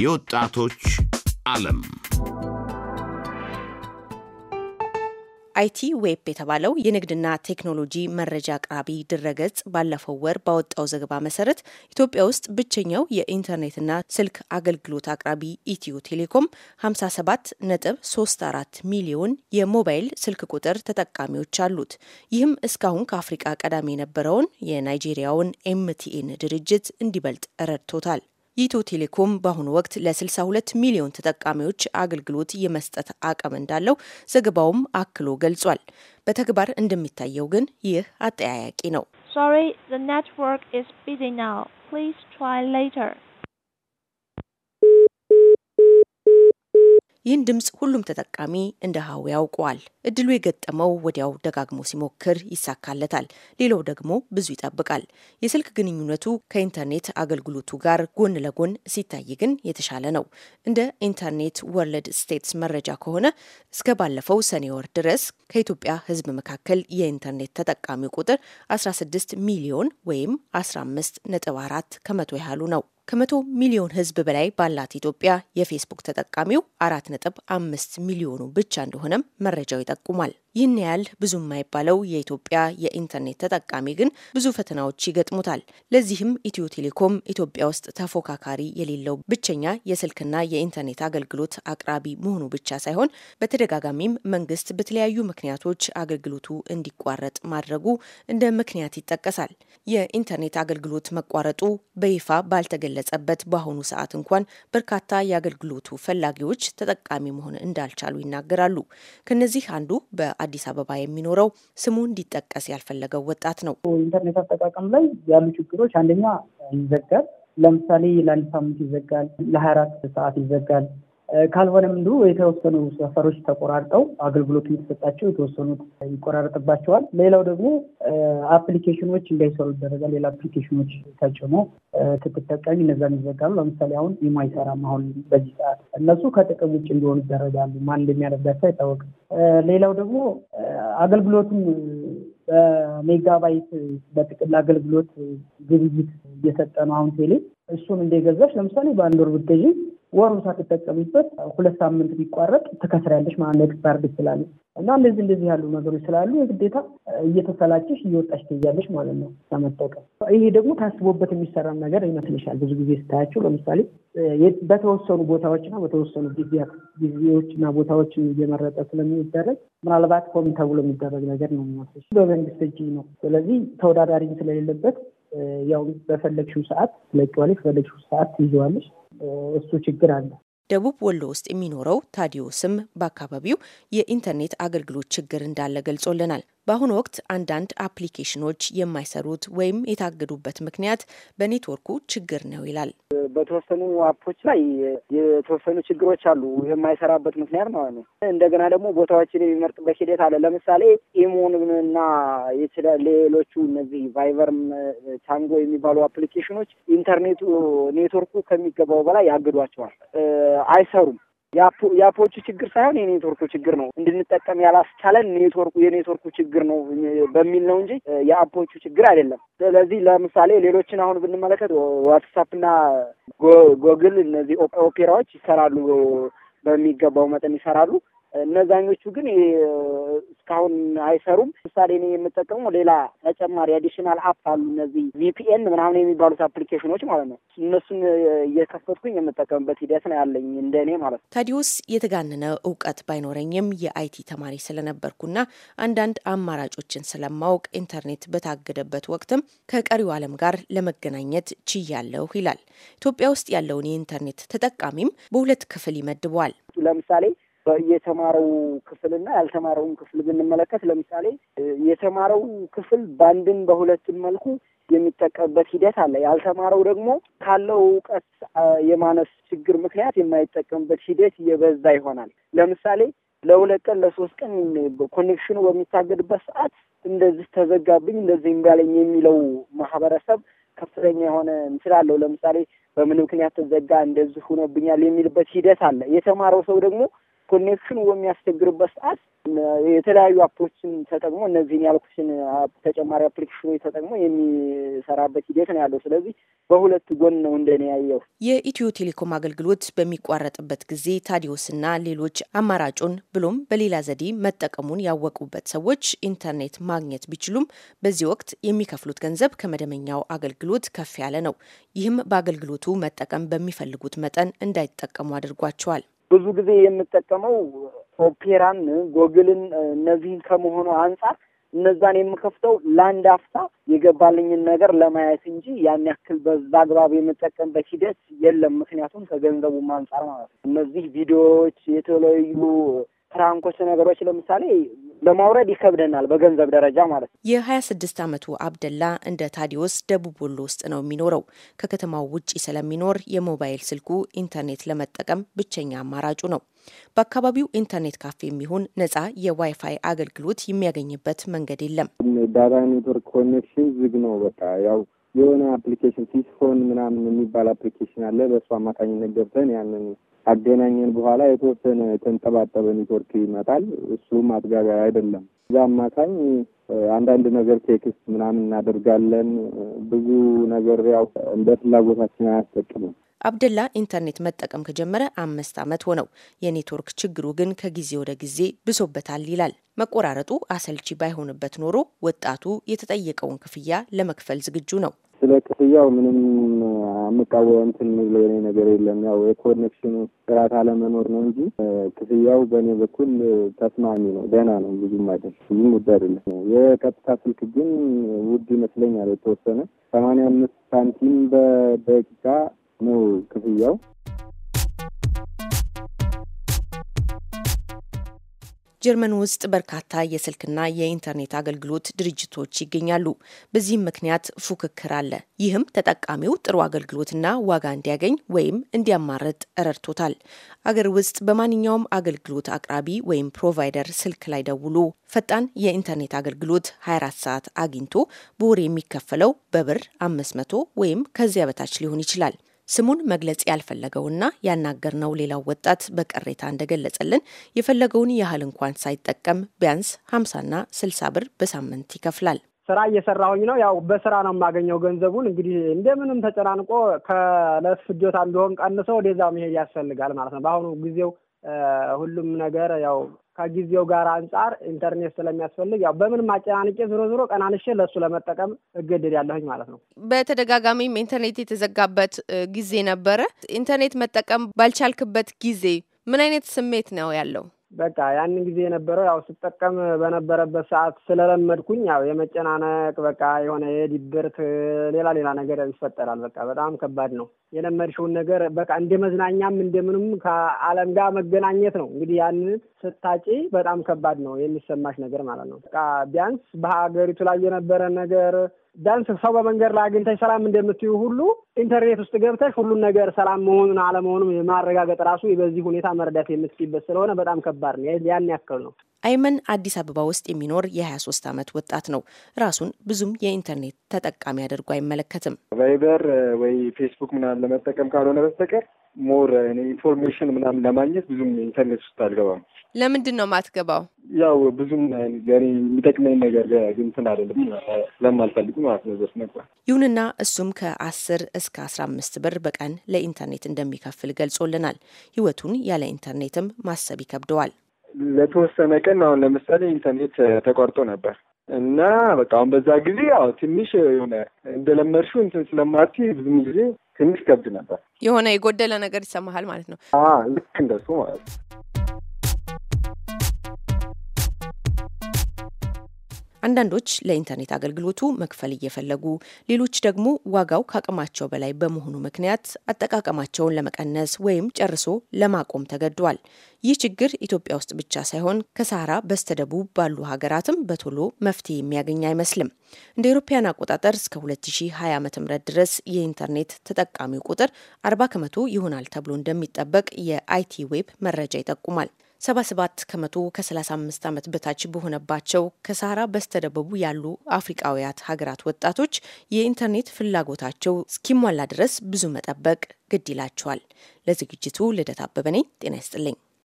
የወጣቶች ዓለም አይቲ ዌብ የተባለው የንግድና ቴክኖሎጂ መረጃ አቅራቢ ድረገጽ ባለፈው ወር ባወጣው ዘገባ መሰረት ኢትዮጵያ ውስጥ ብቸኛው የኢንተርኔትና ስልክ አገልግሎት አቅራቢ ኢትዮ ቴሌኮም 57 ነጥብ 34 ሚሊዮን የሞባይል ስልክ ቁጥር ተጠቃሚዎች አሉት። ይህም እስካሁን ከአፍሪቃ ቀዳሚ የነበረውን የናይጄሪያውን ኤምቲኤን ድርጅት እንዲበልጥ ረድቶታል። ኢትዮ ቴሌኮም በአሁኑ ወቅት ለ62 ሚሊዮን ተጠቃሚዎች አገልግሎት የመስጠት አቅም እንዳለው ዘገባውም አክሎ ገልጿል። በተግባር እንደሚታየው ግን ይህ አጠያያቂ ነው። ይህን ድምፅ ሁሉም ተጠቃሚ እንደ ሀዊ ያውቀዋል። እድሉ የገጠመው ወዲያው ደጋግሞ ሲሞክር ይሳካለታል። ሌላው ደግሞ ብዙ ይጠብቃል። የስልክ ግንኙነቱ ከኢንተርኔት አገልግሎቱ ጋር ጎን ለጎን ሲታይ ግን የተሻለ ነው። እንደ ኢንተርኔት ወርልድ ስቴትስ መረጃ ከሆነ እስከ ባለፈው ሰኔ ወር ድረስ ከኢትዮጵያ ሕዝብ መካከል የኢንተርኔት ተጠቃሚ ቁጥር 16 ሚሊዮን ወይም 15.4 ከመቶ ያህሉ ነው። ከመቶ ሚሊዮን ህዝብ በላይ ባላት ኢትዮጵያ የፌስቡክ ተጠቃሚው አራት ነጥብ አምስት ሚሊዮኑ ብቻ እንደሆነም መረጃው ይጠቁማል። ይህን ያህል ብዙ የማይባለው የኢትዮጵያ የኢንተርኔት ተጠቃሚ ግን ብዙ ፈተናዎች ይገጥሙታል። ለዚህም ኢትዮ ቴሌኮም ኢትዮጵያ ውስጥ ተፎካካሪ የሌለው ብቸኛ የስልክና የኢንተርኔት አገልግሎት አቅራቢ መሆኑ ብቻ ሳይሆን በተደጋጋሚም መንግስት በተለያዩ ምክንያቶች አገልግሎቱ እንዲቋረጥ ማድረጉ እንደ ምክንያት ይጠቀሳል። የኢንተርኔት አገልግሎት መቋረጡ በይፋ ባልተገለጸበት በአሁኑ ሰዓት እንኳን በርካታ የአገልግሎቱ ፈላጊዎች ተጠቃሚ መሆን እንዳልቻሉ ይናገራሉ። ከነዚህ አንዱ በ አዲስ አበባ የሚኖረው ስሙ እንዲጠቀስ ያልፈለገው ወጣት ነው። ኢንተርኔት አጠቃቀም ላይ ያሉ ችግሮች አንደኛ ይዘጋል። ለምሳሌ ለአንድ ሳምንት ይዘጋል፣ ለሀያ አራት ሰዓት ይዘጋል። ካልሆነም እንዲሁ የተወሰኑ ሰፈሮች ተቆራርጠው አገልግሎት የተሰጣቸው የተወሰኑት ይቆራረጥባቸዋል። ሌላው ደግሞ አፕሊኬሽኖች እንዳይሰሩ ይደረጋል። ሌላ አፕሊኬሽኖች ተጭኖ ስትጠቀሚ እነዛ ይዘጋሉ። ለምሳሌ አሁን ኢሞ አይሰራም። አሁን በዚህ ሰዓት እነሱ ከጥቅም ውጭ እንዲሆኑ ይደረጋሉ። ማን እንደሚያደርጋቸው አይታወቅም። ሌላው ደግሞ አገልግሎቱም በሜጋባይት በጥቅል አገልግሎት ግብይት እየሰጠ ነው አሁን ቴሌ እሱን እንደገዛች ለምሳሌ በአንድ ወር ብትገዢ ወሩ ሳትጠቀሚበት ሁለት ሳምንት ቢቋረጥ ትከስሪያለሽ ማለት ነው። ኤክስፓየርድ ስላለ እና እንደዚህ እንደዚህ ያሉ ነገሮች ስላሉ የግዴታ እየተሰላችሽ እየወጣሽ ትይዛለሽ ማለት ነው ለመጠቀም። ይሄ ደግሞ ታስቦበት የሚሰራ ነገር ይመስልሻል? ብዙ ጊዜ ስታያቸው ለምሳሌ በተወሰኑ ቦታዎችና በተወሰኑ ጊዜያት ጊዜዎችና ቦታዎችን እየመረጠ ስለሚደረግ ምናልባት ሆም ተብሎ የሚደረግ ነገር ነው የሚመስልሽ። በመንግስት እጅ ነው። ስለዚህ ተወዳዳሪ ስለሌለበት ያው በፈለግሽው ሰዓት ለቂዋለሽ፣ በፈለግሽው ሰዓት ትይዘዋለሽ። እሱ ችግር አለ። ደቡብ ወሎ ውስጥ የሚኖረው ታዲዮስም በአካባቢው የኢንተርኔት አገልግሎት ችግር እንዳለ ገልጾልናል። በአሁኑ ወቅት አንዳንድ አፕሊኬሽኖች የማይሰሩት ወይም የታገዱበት ምክንያት በኔትወርኩ ችግር ነው ይላል። በተወሰኑ አፖች ላይ የተወሰኑ ችግሮች አሉ። የማይሰራበት ምክንያት ማለት ነው። እንደገና ደግሞ ቦታዎችን የሚመርጥበት ሂደት አለ። ለምሳሌ ኢሞንና ሌሎቹ እነዚህ ቫይቨርም ቻንጎ የሚባሉ አፕሊኬሽኖች ኢንተርኔቱ ኔትወርኩ ከሚገባው በላይ ያግዷቸዋል፣ አይሰሩም። የአፖቹ ችግር ሳይሆን የኔትወርኩ ችግር ነው እንድንጠቀም ያላስቻለን ኔትወርኩ የኔትወርኩ ችግር ነው በሚል ነው እንጂ የአፖቹ ችግር አይደለም። ስለዚህ ለምሳሌ ሌሎችን አሁን ብንመለከት ዋትሳፕና ጎግል እነዚህ ኦፔራዎች ይሰራሉ፣ በሚገባው መጠን ይሰራሉ። እነዛኞቹ ግን እስካሁን አይሰሩም። ምሳሌ እኔ የምጠቀመው ሌላ ተጨማሪ አዲሽናል አፕ አሉ እነዚህ ቪፒኤን ምናምን የሚባሉት አፕሊኬሽኖች ማለት ነው። እነሱን እየከፈትኩኝ የምጠቀምበት ሂደት ነው ያለኝ እንደ እኔ ማለት ነው። ታዲዮስ የተጋነነ እውቀት ባይኖረኝም የአይቲ ተማሪ ስለነበርኩና አንዳንድ አማራጮችን ስለማወቅ ኢንተርኔት በታገደበት ወቅትም ከቀሪው ዓለም ጋር ለመገናኘት ችያለሁ ይላል። ኢትዮጵያ ውስጥ ያለውን የኢንተርኔት ተጠቃሚም በሁለት ክፍል ይመድበዋል። ለምሳሌ የተማረው ክፍልና ያልተማረውን ክፍል ብንመለከት ለምሳሌ የተማረው ክፍል በአንድም በሁለትም መልኩ የሚጠቀምበት ሂደት አለ። ያልተማረው ደግሞ ካለው እውቀት የማነስ ችግር ምክንያት የማይጠቀምበት ሂደት የበዛ ይሆናል። ለምሳሌ ለሁለት ቀን ለሶስት ቀን ኮኔክሽኑ በሚታገድበት ሰዓት እንደዚህ ተዘጋብኝ እንደዚህ እምባለኝ የሚለው ማህበረሰብ ከፍተኛ የሆነ እንትን አለው። ለምሳሌ በምን ምክንያት ተዘጋ እንደዚህ ሆኖብኛል የሚልበት ሂደት አለ። የተማረው ሰው ደግሞ ኮኔክሽን በሚያስቸግርበት ሰዓት የተለያዩ አፖችን ተጠቅሞ እነዚህን ያልኩሽን ተጨማሪ አፕሊኬሽኖች ተጠቅሞ የሚሰራበት ሂደት ነው ያለው። ስለዚህ በሁለት ጎን ነው እንደኔ ያየው። የኢትዮ ቴሌኮም አገልግሎት በሚቋረጥበት ጊዜ ታዲዮስና ሌሎች አማራጩን ብሎም በሌላ ዘዴ መጠቀሙን ያወቁበት ሰዎች ኢንተርኔት ማግኘት ቢችሉም በዚህ ወቅት የሚከፍሉት ገንዘብ ከመደበኛው አገልግሎት ከፍ ያለ ነው። ይህም በአገልግሎቱ መጠቀም በሚፈልጉት መጠን እንዳይጠቀሙ አድርጓቸዋል። ብዙ ጊዜ የምጠቀመው ኦፔራን፣ ጎግልን እነዚህን ከመሆኑ አንጻር እነዛን የምከፍተው ለአንድ አፍታ የገባልኝን ነገር ለማየት እንጂ ያን ያክል በዛ አግባብ የምጠቀምበት ሂደት የለም። ምክንያቱም ከገንዘቡም አንጻር ማለት ነው። እነዚህ ቪዲዮዎች የተለያዩ ፕራንኮች ነገሮች ለምሳሌ ለማውረድ ይከብደናል በገንዘብ ደረጃ ማለት ነው። የሀያ ስድስት ዓመቱ አብደላ እንደ ታዲዮስ ደቡብ ወሎ ውስጥ ነው የሚኖረው። ከከተማው ውጭ ስለሚኖር የሞባይል ስልኩ ኢንተርኔት ለመጠቀም ብቸኛ አማራጩ ነው። በአካባቢው ኢንተርኔት ካፌ የሚሆን ነጻ የዋይፋይ አገልግሎት የሚያገኝበት መንገድ የለም። ዳታ ኔትወርክ ኮኔክሽን ዝግ ነው። በቃ ያው የሆነ አፕሊኬሽን ሲስፎን ምናምን የሚባል አፕሊኬሽን አለ። በእሱ አማካኝነት ገብተን ያንን አገናኘን በኋላ የተወሰነ የተንጠባጠበ ኔትወርክ ይመጣል። እሱም አጥጋቢ አይደለም። እዛ አማካኝ አንዳንድ ነገር ቴክስት ምናምን እናደርጋለን። ብዙ ነገር ያው እንደ ፍላጎታችን አያስጠቅምም። አብደላ ኢንተርኔት መጠቀም ከጀመረ አምስት ዓመት ሆነው። የኔትወርክ ችግሩ ግን ከጊዜ ወደ ጊዜ ብሶበታል ይላል። መቆራረጡ አሰልቺ ባይሆንበት ኖሮ ወጣቱ የተጠየቀውን ክፍያ ለመክፈል ዝግጁ ነው። ስለ ክፍያው ምንም የምቃወም ትንል የኔ ነገር የለም። ያው የኮኔክሽኑ ጥራት አለመኖር ነው እንጂ ክፍያው በእኔ በኩል ተስማሚ ነው፣ ደህና ነው፣ ብዙም አይደል፣ ብዙም ውድ አይደለም። የቀጥታ ስልክ ግን ውድ ይመስለኛል የተወሰነ ሰማንያ አምስት ሳንቲም በደቂቃ ነው ክፍያው። ጀርመን ውስጥ በርካታ የስልክና የኢንተርኔት አገልግሎት ድርጅቶች ይገኛሉ። በዚህም ምክንያት ፉክክር አለ። ይህም ተጠቃሚው ጥሩ አገልግሎትና ዋጋ እንዲያገኝ ወይም እንዲያማርጥ ረድቶታል። አገር ውስጥ በማንኛውም አገልግሎት አቅራቢ ወይም ፕሮቫይደር ስልክ ላይ ደውሎ ፈጣን የኢንተርኔት አገልግሎት 24 ሰዓት አግኝቶ በወር የሚከፈለው በብር 500 ወይም ከዚያ በታች ሊሆን ይችላል። ስሙን መግለጽ ያልፈለገውና ያናገርነው ሌላው ወጣት በቀሬታ እንደገለጸልን የፈለገውን ያህል እንኳን ሳይጠቀም ቢያንስ ሀምሳና ስልሳ ብር በሳምንት ይከፍላል። ስራ እየሰራሁኝ ነው። ያው በስራ ነው የማገኘው ገንዘቡን። እንግዲህ እንደምንም ተጨናንቆ ከዕለት ፍጆታ እንዲሆን ቀንሰው ወደዛ መሄድ ያስፈልጋል ማለት ነው። በአሁኑ ጊዜው ሁሉም ነገር ያው ከጊዜው ጋር አንጻር ኢንተርኔት ስለሚያስፈልግ ያው በምን ማጨናንቄ ዞሮ ዞሮ ቀናንሼ ለእሱ ለመጠቀም እገደድ ያለሁኝ ማለት ነው። በተደጋጋሚም ኢንተርኔት የተዘጋበት ጊዜ ነበረ። ኢንተርኔት መጠቀም ባልቻልክበት ጊዜ ምን አይነት ስሜት ነው ያለው? በቃ ያንን ጊዜ የነበረው ያው ስጠቀም በነበረበት ሰዓት ስለለመድኩኝ ያው የመጨናነቅ በቃ የሆነ የድብርት ሌላ ሌላ ነገር ይፈጠራል። በቃ በጣም ከባድ ነው። የለመድሽውን ነገር በቃ እንደ መዝናኛም እንደምንም ከዓለም ጋር መገናኘት ነው እንግዲህ ያንን ስታጪ በጣም ከባድ ነው የሚሰማሽ ነገር ማለት ነው። በቃ ቢያንስ በሀገሪቱ ላይ የነበረ ነገር ቢያንስ ሰው በመንገድ ላይ አግኝተሽ ሰላም እንደምትዩ ሁሉ ኢንተርኔት ውስጥ ገብተሽ ሁሉን ነገር ሰላም መሆኑን አለመሆኑም የማረጋገጥ ራሱ በዚህ ሁኔታ መረዳት የምትችይበት ስለሆነ በጣም ከባድ ነው። ያን ያክል ነው። አይመን አዲስ አበባ ውስጥ የሚኖር የ23 ዓመት ወጣት ነው። ራሱን ብዙም የኢንተርኔት ተጠቃሚ አድርጎ አይመለከትም። ቫይበር ወይ ፌስቡክ ምናምን ለመጠቀም ካልሆነ በስተቀር ሞር ኢንፎርሜሽን ምናምን ለማግኘት ብዙም ኢንተርኔት ውስጥ አልገባም። ለምንድን ነው ማትገባው? ያው ብዙም ለእኔ የሚጠቅመኝ ነገር ግንትን አይደለም ለማልፈልጉ ማለት ነው ዘርፍ ነበር። ይሁንና እሱም ከአስር እስከ አስራ አምስት ብር በቀን ለኢንተርኔት እንደሚከፍል ገልጾልናል። ህይወቱን ያለ ኢንተርኔትም ማሰብ ይከብደዋል። ለተወሰነ ቀን አሁን ለምሳሌ ኢንተርኔት ተቋርጦ ነበር እና በቃ አሁን በዛ ጊዜ ያው ትንሽ የሆነ እንደለመድሽው እንትን ስለማርቲ ብዙም ጊዜ ትንሽ ከብድ ነበር። የሆነ የጎደለ ነገር ይሰማሃል ማለት ነው። ልክ እንደሱ ማለት ነው። አንዳንዶች ለኢንተርኔት አገልግሎቱ መክፈል እየፈለጉ፣ ሌሎች ደግሞ ዋጋው ከአቅማቸው በላይ በመሆኑ ምክንያት አጠቃቀማቸውን ለመቀነስ ወይም ጨርሶ ለማቆም ተገደዋል። ይህ ችግር ኢትዮጵያ ውስጥ ብቻ ሳይሆን ከሳህራ በስተደቡብ ባሉ ሀገራትም በቶሎ መፍትሄ የሚያገኝ አይመስልም። እንደ አውሮፓውያን አቆጣጠር እስከ 2020 ዓ.ም ድረስ የኢንተርኔት ተጠቃሚው ቁጥር 40 ከመቶ ይሆናል ተብሎ እንደሚጠበቅ የአይቲ ዌብ መረጃ ይጠቁማል። 77 ከመቶ ከ35 ዓመት በታች በሆነባቸው ከሳራ በስተደበቡ ያሉ አፍሪቃውያት ሀገራት ወጣቶች የኢንተርኔት ፍላጎታቸው እስኪሟላ ድረስ ብዙ መጠበቅ ግድ ይላቸዋል። ለዝግጅቱ ልደት አበበ ነኝ። ጤና ይስጥልኝ።